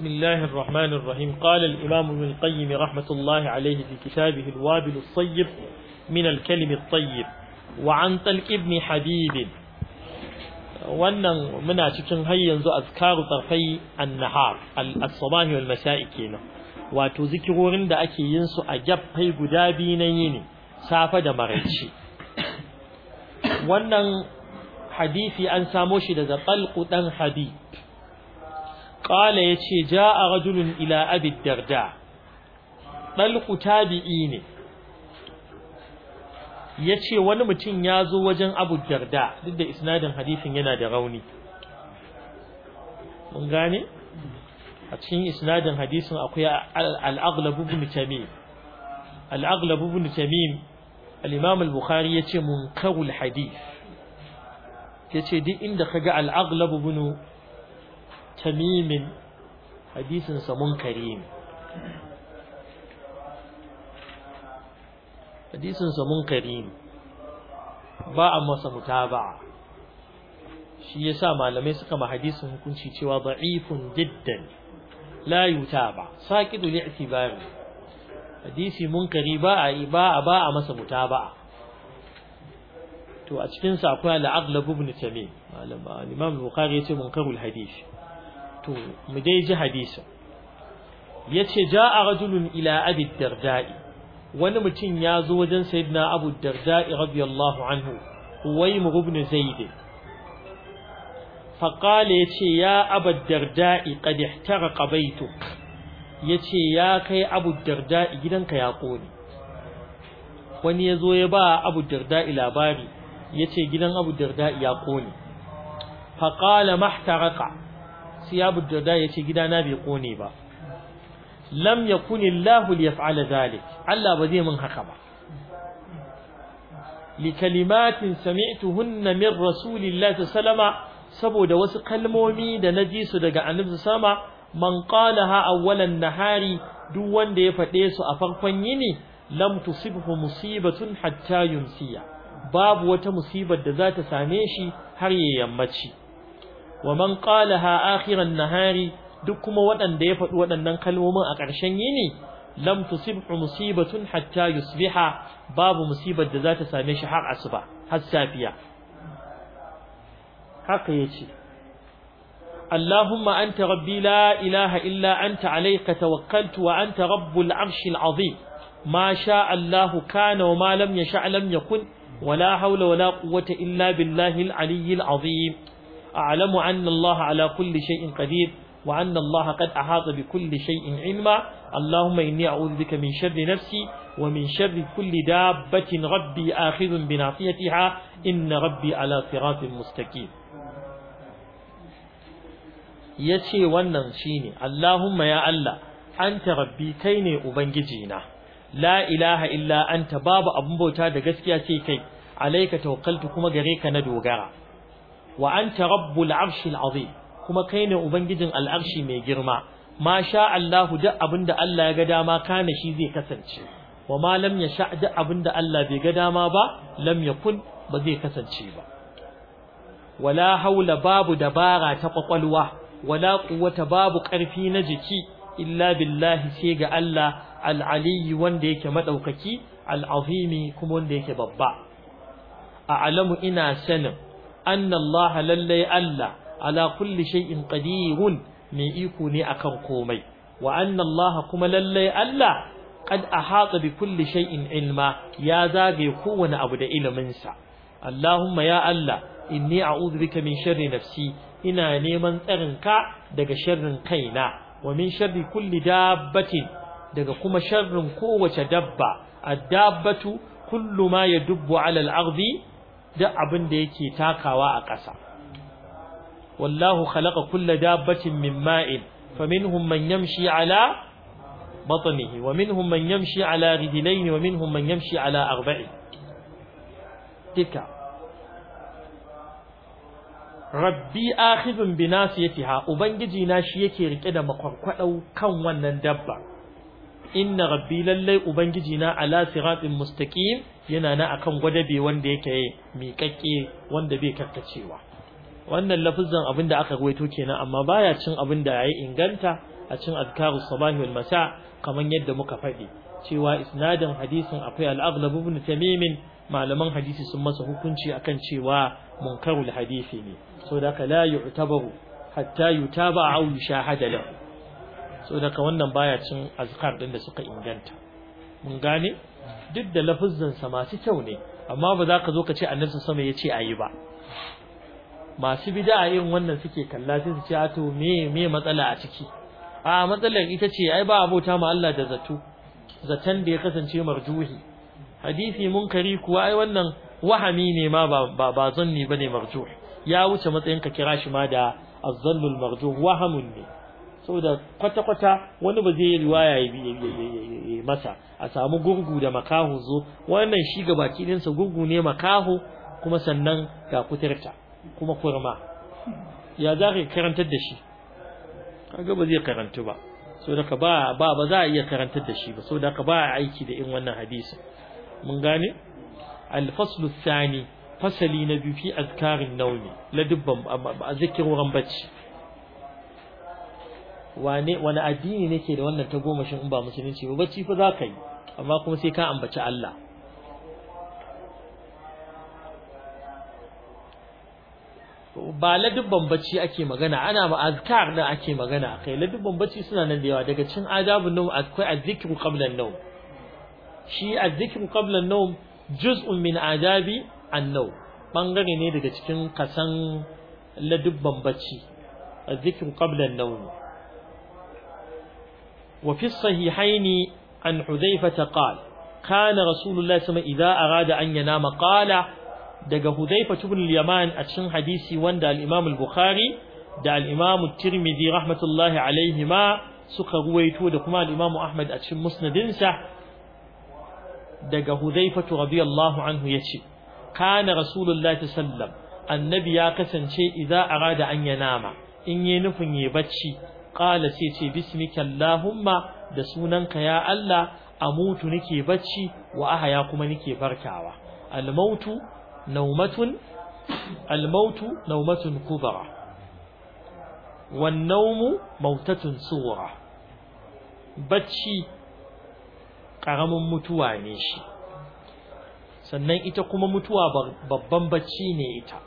بسم الله الرحمن الرحيم قال الإمام ابن القيم رحمة الله عليه في كتابه الوابل الصيب من الكلم الطيب وعن تلك ابن حبيب وأن من أشكن هيا ينزو أذكار طرفي النهار الصباح والمساء كينا عند أكي ينسو أجب هي قدابي سافة مغيشي وأن حديثي أن لذا طلق تن ya qala yace jaa rajulun ila abi darda dalqu tabi'i ne Ya ce wani mutum ya zo wajen abu darda duk da isnadin hadisin yana da rauni mun gane a cikin isnadin hadisin akwai al-aghlab ibn tamim al-aghlab ibn tamim al-imam al-bukhari yace munkarul hadith yace duk inda kaga al-aghlab ibn tamimin hadisinsa sa munkari ne hadisin munkari ne ba a masa mutaba'a shi yasa malamai suka ma hadisin hukunci cewa da'ifun jiddan la yutaba saqidu li'tibari hadisi munkari ba a ba a ba a masa mutaba'a to a cikin sa akwai al-aghlab ibn tamim malam al-imam al-bukhari yace munkarul hadisi to mu dai ji hadisin yace ja'a rajulun ila abi darda'i wani mutum ya zo wajen sayyidina abu darda'i radiyallahu anhu wai ibn zaid faqala yace ya abu darda'i qad ihtaraqa baytuk yace ya kai abu darda'i gidanka ya kone wani ya zo ya ba abu darda'i labari yace gidan abu darda'i ya kone faqala mahtaraka siyabu da yace gidana bai kone ba lam yakun Allah liyaf'ala dhalik Allah ba zai min haka ba li kalimatin sami'tuhunna min rasulillahi salama saboda wasu kalmomi da ji su daga annabi sama man qalaha awwalan nahari duk wanda ya fade su a farkon yini lam tusibhu musibatun hatta yumsiya babu wata musibar da za ta same shi har ya yammaci wa man qalaha akhiran nahari duk kuma waɗanda ya faɗi waɗannan kalmomin a ƙarshen yini lam tusibhu musibatun hatta yusbiha babu musibar da zata same shi har asuba har haka yace اللهم أنت ربي لا إله إلا أنت عليك توكلت وأنت رب العرش العظيم ما شاء الله كان وما لم يشاء لم يكن ولا حول ولا قوة إلا بالله العلي العظيم أعلم أن الله على كل شيء قدير وأن الله قد أحاط بكل شيء علما اللهم إني أعوذ بك من شر نفسي ومن شر كل دابة ربي آخذ بناصيتها إن ربي على صراط مستقيم yace wannan shine Allahuma ya Allah anta rabbi kai ne na. la ilaha illa anta babu abun bauta da gaskiya sai kai alaika tawakkaltu kuma gare ka na dogara wa anta rabbul arshil azim kuma kai ne ubangijin al'arshi mai girma ma sha Allahu duk abinda Allah ya ga dama kana shi zai kasance wa ma lam yasha duk abinda Allah bai ga dama ba lam yakun ba zai kasance ba wala haula babu dabara ta kwakwalwa wala quwwata babu karfi na jiki illa billahi sai ga Allah al-ali wanda yake madaukaki al-azimi kuma wanda yake babba a alamu ina sanin anna lallai Allah ala kulli shay'in qadirun mai iko ne akan komai wa kuma lallai Allah qad ahata bi kulli shay'in ilma ya zage kowane abu da ilimin sa Allahumma ya Allah inni a'udhu bika min sharri nafsi ina neman tsarinka daga sharrin kaina wa min sharri kulli dabbatin daga kuma sharrin kowace dabba ad-dabbatu kullu ma yadubbu 'ala al-ardi duk abin da yake takawa a ƙasa wallahu khalaqa kulla dabbatin min ma'in faminhum man yamshi ala wa بطنه ومنهم من يمشي على رجلين ومنهم من يمشي على أربع تلك rabbi akhidun bi nasiyatiha ubangiji na shi yake rike da makwarkwadau kan wannan dabba inna rabbi lallai ubangiji na ala siratin mustaqim yana na akan gwadabe wanda yake miƙaƙƙe wanda bai karkacewa wannan lafazin abin da aka ruwaito kenan amma baya cin abin da yayi inganta a cin azkaru sabahi wal masa kaman yadda muka faɗi cewa isnadin hadisin akwai al-aghlab ibn tamim malaman hadisi sun masa hukunci akan cewa munkarul hadisi ne saboda haka la yu'tabaru hatta yutaba au yushahada lahu so wannan baya cin azkar din da suka inganta mun gane duk da lafuzzan sa masu kyau ne amma ba za ka zo ka ce annabi sama ya ce ayi ba masu bid'a irin wannan suke kalla sai su ce a to me me matsala a ciki a matsalar ita ce ai ba abota ma Allah da zato zaton da ya kasance marjuhi hadisi munkari kuwa ai wannan wahami ne ma ba ba zanni bane marjuhi ya wuce matsayin ka kira shi ma da azzallul marjuh wahamun ne saboda kwata-kwata wani ba zai yi riwaya ya masa a samu gurgu da makaho zo wannan shi ga baki ɗinsa gurgu ne makaho kuma sannan ga kuturta kuma kurma ya za ka karantar da shi kaga ba zai karantu ba saboda ka ba ba za a iya karantar da shi ba saboda ka ba aiki da in wannan hadisi mun gane al-faslu thani fasali na biyu fi azkarin nauni. la dubban zikirin bacci wane wani addini ne ke da wannan ta goma shin in ba musulunci ba bacci fa za yi amma kuma sai ka ambaci Allah ba ladubban bacci ake magana ana ba azkar da ake magana kai ladubban bacci suna nan da yawa daga cin adabun nawm akwai azzikru qabla an-nawm shi azzikru qabla an-nawm juz'un min adabi an-nawm bangare ne daga cikin kasan ladubban bacci azzikru qabla an-nawm وفي الصحيحين عن حذيفة قال كان رسول الله صلى الله عليه وسلم إذا أراد أن ينام قال دق حذيفة بن اليمان أتشن حديثي واند الإمام البخاري دا الإمام الترمذي رحمة الله عليهما suka ruwaito da kuma al-Imam Ahmad a cikin musnadinsa daga Hudhaifatu radiyallahu anhu yace kana Rasulullahi sallam annabi ya kasance idza arada an yanama in yayi nufin yayi barci. qala sai ce bismika allahumma da sunanka ya Allah amutu nake bacci wa ahaya kuma nake farkawa almautu naumatun almautu naumatun kubra wan naumu mautatun sughra mutuwa ne shi sannan ita kuma mutuwa babban bacci ne ita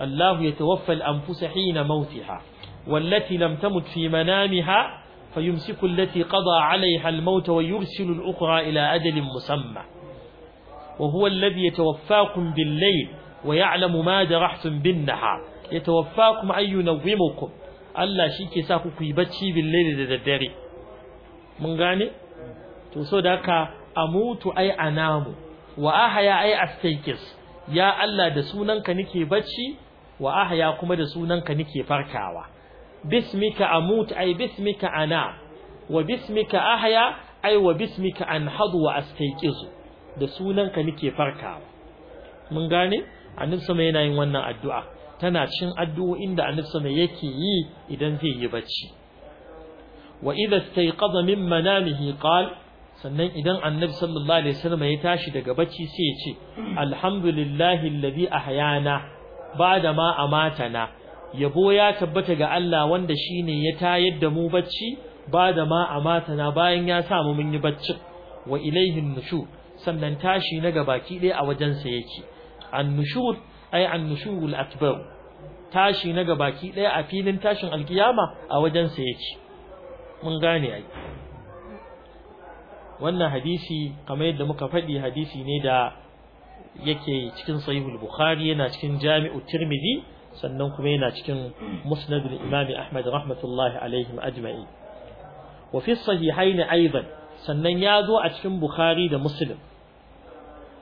Allah ya tawaffa al-anfusa hina mautiha والتي لم تمت في منامها فيمسك التي قضى عليها الموت ويرسل الأخرى إلى أجل مسمى وهو الذي يتوفاكم بالليل ويعلم ما جرحتم بالنهار يتوفاكم أن ينومكم Allah shi ke sa ku yi bacci bille da daddare mun gane to so da haka amutu ai anamu wa ahya ai astaykis ya Allah da sunanka nake bacci wa ahya kuma da sunanka nake farkawa bismika amut ay bismika ana wa bismika ahya ay wa bismika anhadu wa astayqizu da sunanka nake farka. mun gane annabi sama yana yin wannan addu'a tana cin addu'o'in da annabi sama yake yi idan zai yi bacci wa idha istayqadha min manamihi qala sannan idan annabi sallallahu alaihi wasallam ya tashi daga bacci sai ya ce alhamdulillahi alladhi ahyana ba'da ma amatana yabo ya tabbata ga Allah wanda shi ne ya tayar da mu bacci ba da ma matana bayan ya sa mu mun yi bacci wa ilaihin nushur sannan tashi na gabaki dai a wajensa yake annushur ay annushurul akbar tashi na gabaki ɗaya a filin tashin alkiyama a wajensa yake mun gane ai wannan hadisi kamar yadda muka faɗi hadisi ne da yake cikin sahihul bukhari yana cikin jami'u tirmidhi sannan kuma yana cikin musnadin Imami imam Ahmad rahmatullahi alaihim ajma'i wa fi sahihain aidan sannan ya zo a cikin Bukhari da Muslim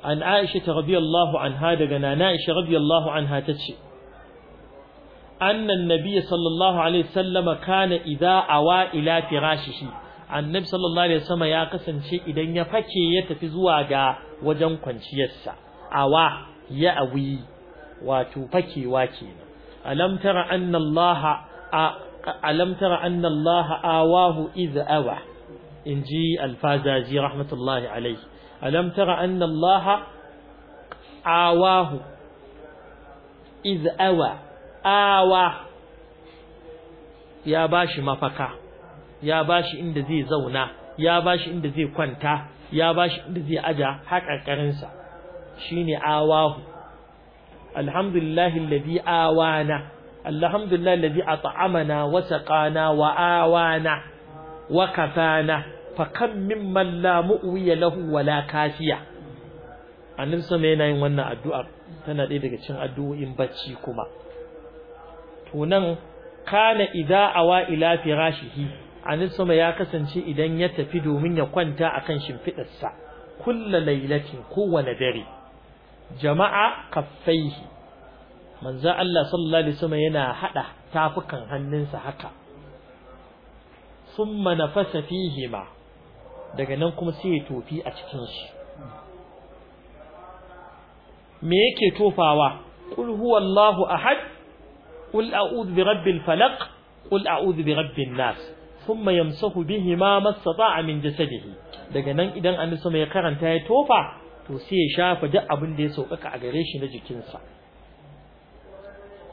an Aisha radiyallahu anha daga nana Aisha radiyallahu anha tace أن النبي صلى الله عليه وسلم كان إذا أوى إلى فراشه النبي ya الله عليه وسلم يا قسم شيء إذا يفكي يتفزوا جا وجن كنشيسا أوى يأوي wato fakewa kenan alam tara anna Allah alam tara anna Allah awahu idh awa inji alfazaji rahmatullahi alayhi alam tara anna Allah awahu idh awa awa ya bashi mafaka ya bashi inda zai zauna ya bashi inda zai kwanta ya bashi inda zai aja haƙarƙarinsa shine awahu alhamdulillah alladhi awana alhamdulillah alladhi at'amana wa saqana wa awana wa kafana fa min mimman la lahu wala kafiya. A annabi sama yana yin wannan addu'a tana ɗaya daga cikin addu'o'in bacci kuma Tunan kana idza awa ila firashihi annabi sama ya kasance idan ya tafi domin ya kwanta akan shimfidarsa kullu lailatin kowane dare jama'a kaffaihi manzo Allah sallallahu alaihi wasallam yana hada tafukan hannunsa haka summa nafasa fihima daga nan kuma sai ya tofi a cikin shi me yake tofawa qul huwallahu ahad qul a'udhu birabbil falaq qul a'udhu birabbin nas ثم يمسح بهما ما استطاع من daga nan idan annabi ya karanta ya tofa to sai ya shafa duk abin da ya sauƙaƙa a gare shi na jikinsa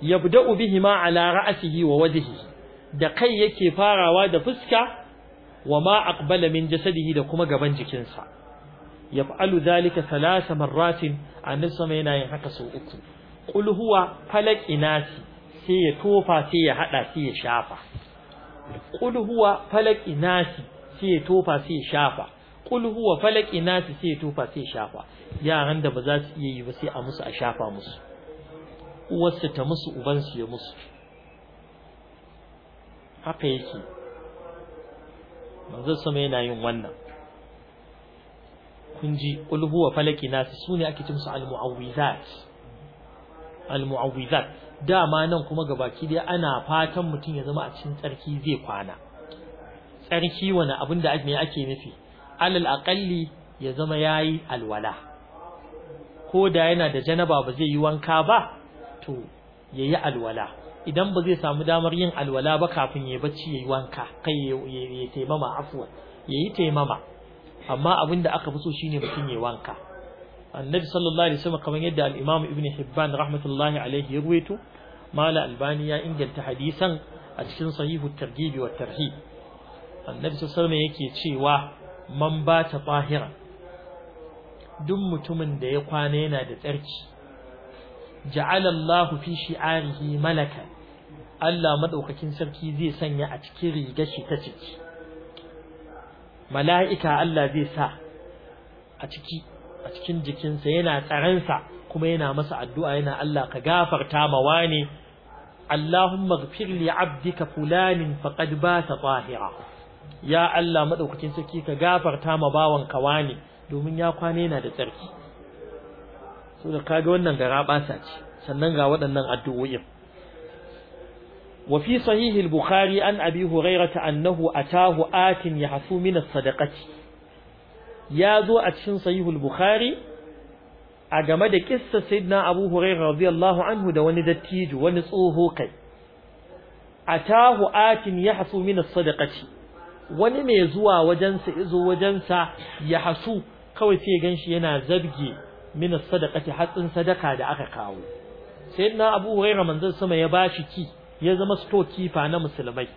yabda'u bihima ala ra'sihi wa wajhihi da kai yake farawa da fuska wa ma aqbala min jasadihi da kuma gaban jikinsa yaf'alu dhalika thalatha marratin annabi sama yana yin haka sau uku qul huwa falaq inasi sai ya tofa sai ya hada sai ya shafa qul huwa falaq inasi sai ya tofa sai ya shafa kul huwa falaki nasu sai tufa sai shafa yaran da ba za su iya yi ba sai a musu a shafa musu uwarsu ta musu ubansu ya musu haka yake manzo sama yana yin wannan kun ji kul huwa falaki nasu sune ake cin musu al-mu'awwizat dama nan kuma gabaki dai ana fatan mutum ya zama a cikin tsarki zai kwana tsarki wani abin da ake nufi alal aqalli ya zama yayi alwala ko da yana da janaba ba zai yi wanka ba to yayi alwala idan ba zai samu damar yin alwala ba kafin ya bacci yayi wanka kai ya taimama ya yayi taimama amma abin da aka fi so shine mutum yayi wanka annabi sallallahu alaihi wasallam kamar yadda al-imam ibn hibban rahmatullahi alaihi ya ruwaito mala albani ya inganta hadisan a cikin sahihu targhib wa tarhib annabi sallallahu alaihi wasallam yake cewa man ba ta tsahira duk mutumin da ya kwana yana da tsarki Ja'alallahu Allah fi shi'arihi malaka Allah madaukakin sarki zai sanya a cikin riga shi ta ciki mala'ika Allah zai sa a ciki a cikin jikinsa yana tsaransa kuma yana masa addu'a yana Allah ka gafarta ma wane Allahumma ighfir li 'abdika fulanin faqad bata tahira ya Allah madaukakin sarki ka gafarta ma bawan ka wani domin ya kwane yana da tsarki so da kage wannan gara basa ce sannan ga waɗannan addu'o'i wa fi sahih al-bukhari an abi hurairah annahu atahu atin yahsu min as-sadaqati ya zo a cikin sahih al-bukhari a game da kissa sayyidina abu hurairah radiyallahu anhu da wani dattijo wani tsoho kai atahu atin ya min as-sadaqati wani mai zuwa wajensa izo wajensa ya hasu kawai sai ganshi yana zabge min sadaqati hatsin sadaka da aka kawo sayyidina Abu Hurairah manzon sama ya bashi ki ya zama stokifa na musulmai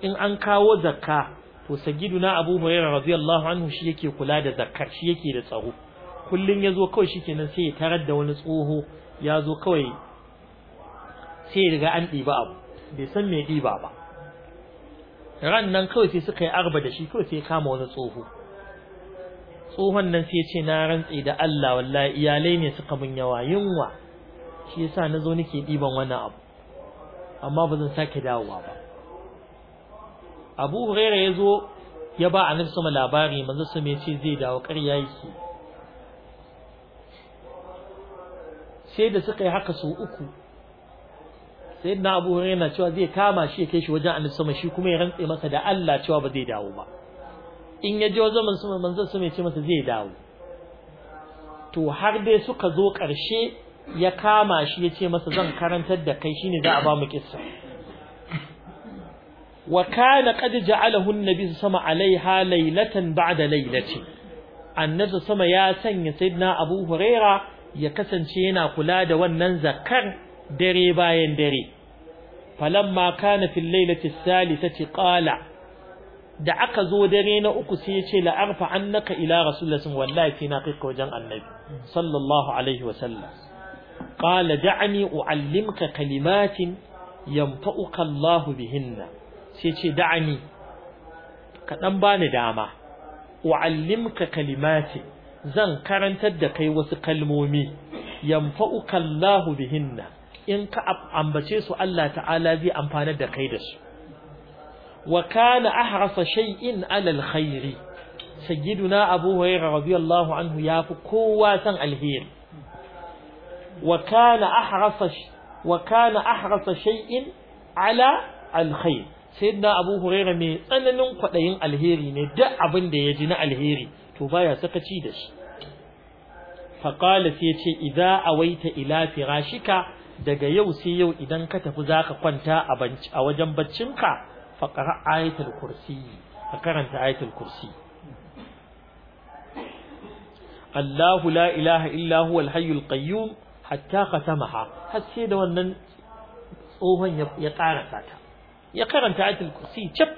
in an kawo zakka to sagiduna Abu Hurairah radiyallahu anhu shi yake kula da zakkar shi yake da tsaro kullun yazo kawai shikenan sai ya tarar da wani tsoho yazo kawai sai ya riga an diba abu bai san me diba ba ran nan kawai sai suka yi arba da shi kawai sai kama wani tsoho tsohon nan sai ce na rantse da Allah wallahi iyalai ne suka mun yawa yunwa shi yasa na zo nake diban wannan abu amma ba zan sake dawowa ba Abu Hurairah ya zo ya ba Anas sama labari manzo su me ce zai dawo ƙarya yake sai da suka yi haka su uku sayyidina Abu Hurairah na cewa zai kama shi ya kai shi wajen Annabi sama shi kuma ya rantse masa da Allah cewa ba zai dawo ba in ya je wajen manzo manzo sama ya ce masa zai dawo to har dai suka zo ƙarshe ya kama shi ya ce masa zan karantar da kai shine za a ba mu kissa wa kana qad ja'alahu an-nabi sama alaiha laylatan ba'da laylati annabi sama ya sanya sayyidina Abu Hurairah ya kasance yana kula da wannan zakar dare bayan dare falamma kana fil lailati salisati qala da aka zo dare na uku sai ya ce la'arfa annaka ila rasulullahi wallahi fi na kai wajen annabi sallallahu alaihi wa sallam qala da'ani u'allimka kalimatin yanfa'uka Allah bihinna sai ce da'ani ka dan bani dama u'allimka kalimatin zan karantar da kai wasu kalmomi yanfa'uka Allah bihinna in ka ambace su Allah ta'ala zai amfana da kai da su wa kana ahrasa shay'in ala alkhairi sayyiduna abu hurairah radiyallahu anhu yafi kowa san alheri wa kana ahrasa wa kana ahrasa shay'in ala alkhair sayyidina abu hurairah mai tsananin kwadayin alheri ne duk abin da ya ji na alheri to baya sakaci da shi فقال سيتي إذا أويت إلى فراشك daga yau sai yau idan ka tafi zaka kwanta a banci a wajen baccinka fa qara ayatul kursi ka karanta ayatul kursi Allahu la ilaha illa huwa al-hayyul qayyum hatta khatamaha har sai da wannan tsohon ya karanta ta ya karanta ayatul kursi cip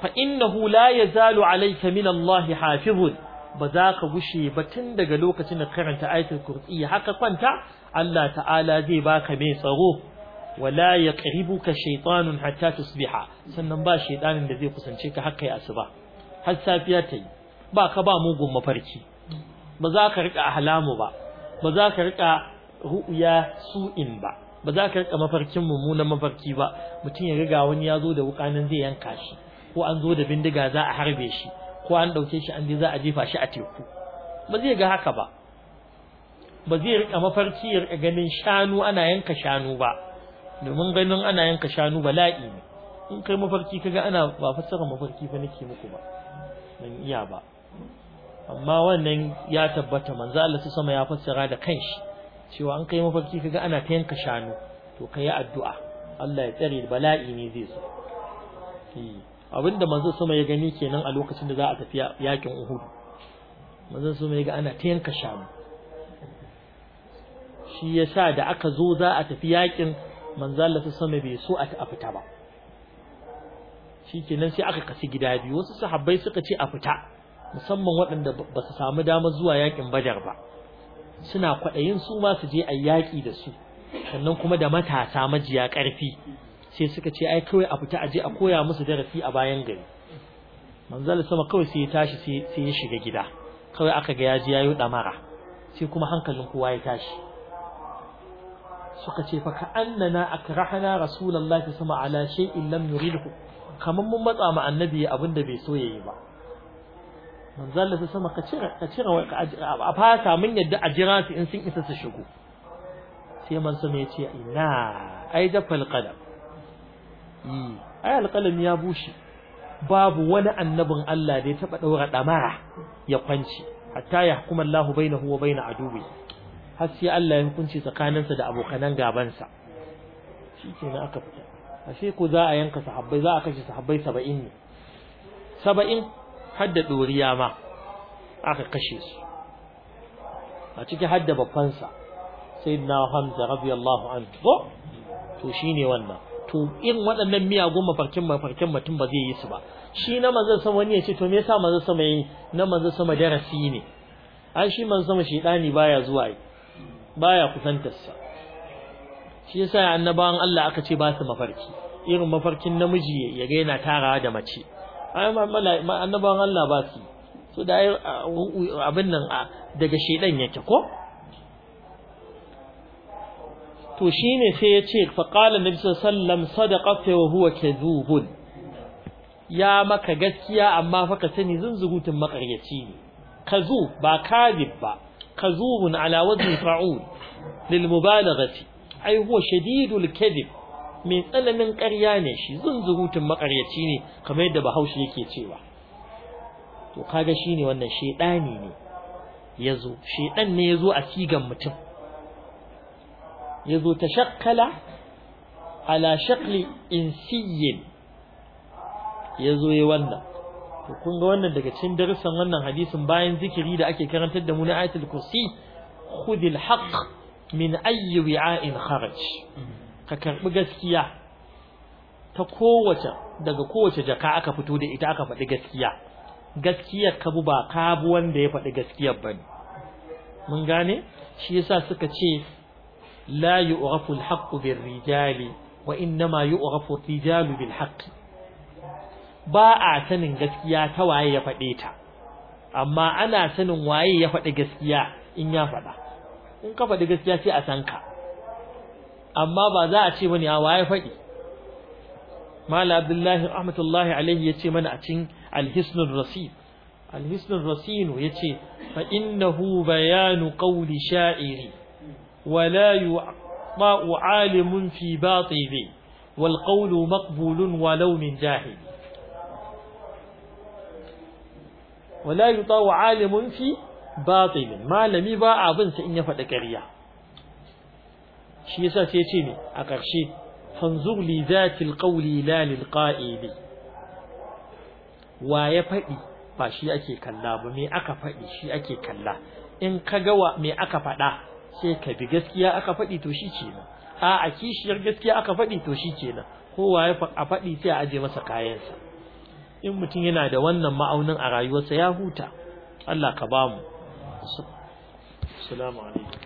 fa innahu la yazalu alayka min Allah hafizun ba za ka gushe ba tun daga lokacin da karanta ayatul kursi haka kwanta Allah ta'ala zai baka mai tsaro wala yaqribuka shaytanun hatta tusbiha sannan ba shaytanin da zai kusance ka har kai asuba har safiya ta yi ba ka ba mugun mafarki ba za ka rika ahlamu ba ba za ka rika ru'ya su'in ba ba za ka rika mafarkin mummunan mafarki ba mutum ya riga wani ya zo da wukanin zai yanka shi ko an zo da bindiga za a harbe shi ko an ɗauke shi an je za a jefa shi a teku ba zai ga haka ba ba zai rika mafarki ya rika ganin shanu ana yanka shanu ba domin ganin ana yanka shanu bala'i ne in kai mafarki kaga ana ba fassara mafarki fa nake muku ba ban iya ba amma wannan ya tabbata manzo Allah su sama ya fassara da kanshi cewa an kai mafarki kaga ana ta yanka shanu to kai addu'a Allah ya tsare bala'i ne zai zo abinda manzo sama ya gani kenan a lokacin da za a tafi yakin Uhud manzo sama ya ga ana ta yanka shamu shi yasa da aka zo za a tafi yakin manzo Allah sama bai so a fita ba shikenan sai aka kasi gida biyu wasu sahabbai suka ce a fita musamman waɗanda ba su samu damar zuwa yakin Badar ba suna kwaɗayin su ma su je a yaƙi da su sannan kuma da matasa majiya ƙarfi sai suka ce ai kawai a fita aje a koya musu darasi a bayan gari manzal sama kawai sai ya tashi sai ya shiga gida kawai aka ga yaji yayi damara sai kuma hankalin kowa ya tashi suka ce fa ka annana akrahana rasulullahi sama ala shay'in lam yuridhu kaman mun matsa ma annabi abinda bai so yayi ba manzal sama ka cira ka cira a fasa mun yadda a jira su in sun isa su shigo sai manzo sama ya ce ina ai dafal qadam ai alƙalami ya bushe babu wani annabin Allah da ya taɓa ɗaura ɗamara ya kwanci hatta ya hukuma Allah bainahu wa bain aduwi har sai Allah ya hukunci tsakaninsa da abokanan gabansa na aka fita ashe ko za a yanka sahabbai za a kashe sahabbai 70 ne 70 har da doriya ma aka kashe su a ciki har da babban sa sayyidina Hamza radiyallahu anhu to shine wannan to in waɗannan miyagun mafarkin mafarkin mutum ba zai yi su ba shi na manzon sama wani ya ce to me yasa manzon sama yi na manzon sama darasi ne ai shi manzon sama dani baya zuwa yi baya kusantar sa shi yasa annabawan Allah aka ce ba su mafarki irin mafarkin namiji ya ga yana tarawa da mace annabawan Allah ba su so da abin nan daga shedan yake ko to shi ne sai ya ce faqala nabi sallam sadaqata wa huwa kadhubun ya maka gaskiya amma faka sani sani zunzugutun makaryaci ne kazu ba kadib ba ka ala wajhi fa'ul lil mubalaghati ai huwa shadidul kadhib mai tsananin ƙarya ne shi zunzugutun makaryaci ne kamar yadda bahaushe yake cewa to kaga shine wannan shaiɗani ne yazo shaiɗan ne ya zo a sigan mutum yazo tashakkala ala shakli insiyin yazo yayi wannan to kun ga wannan daga cikin darussan wannan hadisin bayan zikiri da ake karantar da mu na ayatul kursi khudil haqq min ayyi wi'a'in kharaj ka karbi gaskiya ta kowace daga kowace jaka aka fito da ita aka faɗi gaskiya gaskiyar kabu ba kabu wanda ya faɗi gaskiyar bane mun gane shi yasa suka ce la yi al-haqqu bir-rijali wa innama yu'rafu ar-rijalu bil-haqqi ba a sanin gaskiya ta waye ya faɗe amma ana sanin waye ya faɗi gaskiya in ya faɗa in ka faɗi gaskiya sai a san ka amma ba za a ce bane a waye faɗi mala abdullahi rahmatullahi alaihi yace mana a cikin alhisnul rasid alhisnul rasin yace fa innahu bayanu qawli sha'iri ولا يعطى عالم في باطله والقول مقبول ولو من جاهل ولا يطاع عالم في باطل malami ba abin sa in ya faɗi ƙarya shi yasa sai ya ce ne a ƙarshe fanzur li zatil qawli la lil qa'ili wa ya faɗi ba shi ake kalla ba me aka faɗi shi ake kalla in ka ga wa me aka faɗa sai ka bi gaskiya aka faɗi to shi kenan a a kishiyar gaskiya aka faɗi to shi kenan kowa ya a faɗi sai a aje masa kayansa in mutum yana da wannan ma'aunin a rayuwarsa ya huta Allah ka bamu assalamu alaikum